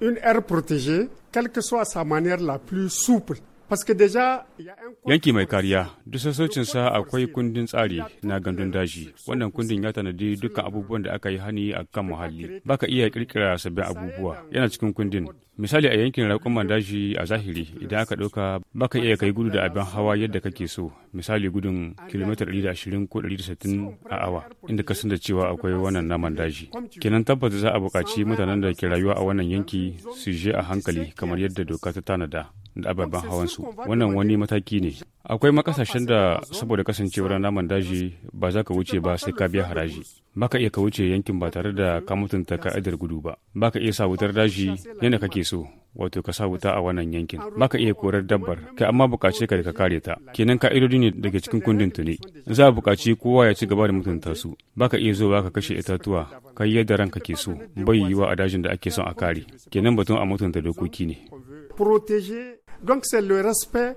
une aire protégée, quelle que soit sa manière la plus souple, Yanki mai kariya, duk sa akwai kundin tsari na gandun daji. Wannan kundin ya tanadi dukkan abubuwan da aka yi hani a kan muhalli. Baka iya kirkira sabbin abubuwa, yana cikin kundin. Misali a yankin raƙuman daji a zahiri, idan aka ɗauka baka iya kai gudu da abin hawa yadda kake so. Misali gudun kilomita 120 ko 160 a awa, inda ka da cewa akwai wannan naman daji. Kenan tabbata za a buƙaci mutanen da ke rayuwa a wannan yanki su je a hankali kamar yadda doka ta tanada. da ababen su. wannan wani mataki ne akwai makasashen da saboda kasancewar naman daji ba za ka wuce ba sai ka biya haraji baka iya ka wuce yankin ba tare da ka mutunta ka'idar gudu ba baka iya sa wutar daji yadda kake so wato ka sa wuta a wannan yankin baka iya korar dabbar kai amma bukace ka da ka kare ta kenan ka'idodi ne daga cikin kundin tuni za a bukaci kowa ya ci gaba da mutunta su baka iya zuwa ka kashe itatuwa ka yi yadda ranka ke so bai yiwa a dajin da ake son a kare kenan batun a mutunta dokoki ne protéger Donc c'est le respect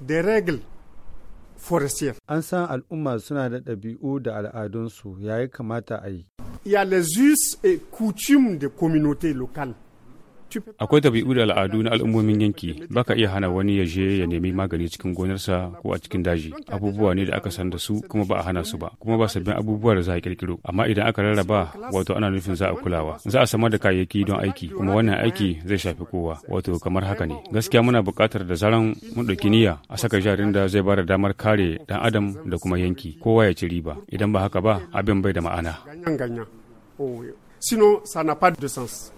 des règles forestières. Il y a les us et coutumes des communautés locales. Akwai tabi'u da al'adu na al'ummomin yanki, baka iya hana wani ya je ya nemi magani cikin gonarsa ko a cikin daji. Abubuwa ne da aka san da su kuma ba a hana su ba, kuma ba sabbin abubuwa da za a kirkiro. Amma idan aka rarraba, wato ana nufin za a kulawa. Za a samar da kayayyaki don aiki, kuma wannan aiki zai shafi kowa, wato kamar haka ne. Gaskiya muna buƙatar da zaran mun ɗauki niyya a saka jarin da zai ba da damar kare ɗan adam da kuma yanki, kowa ya ci riba. Idan ba haka ba, abin bai da ma'ana. Oh, sinon ça n'a pas de sens.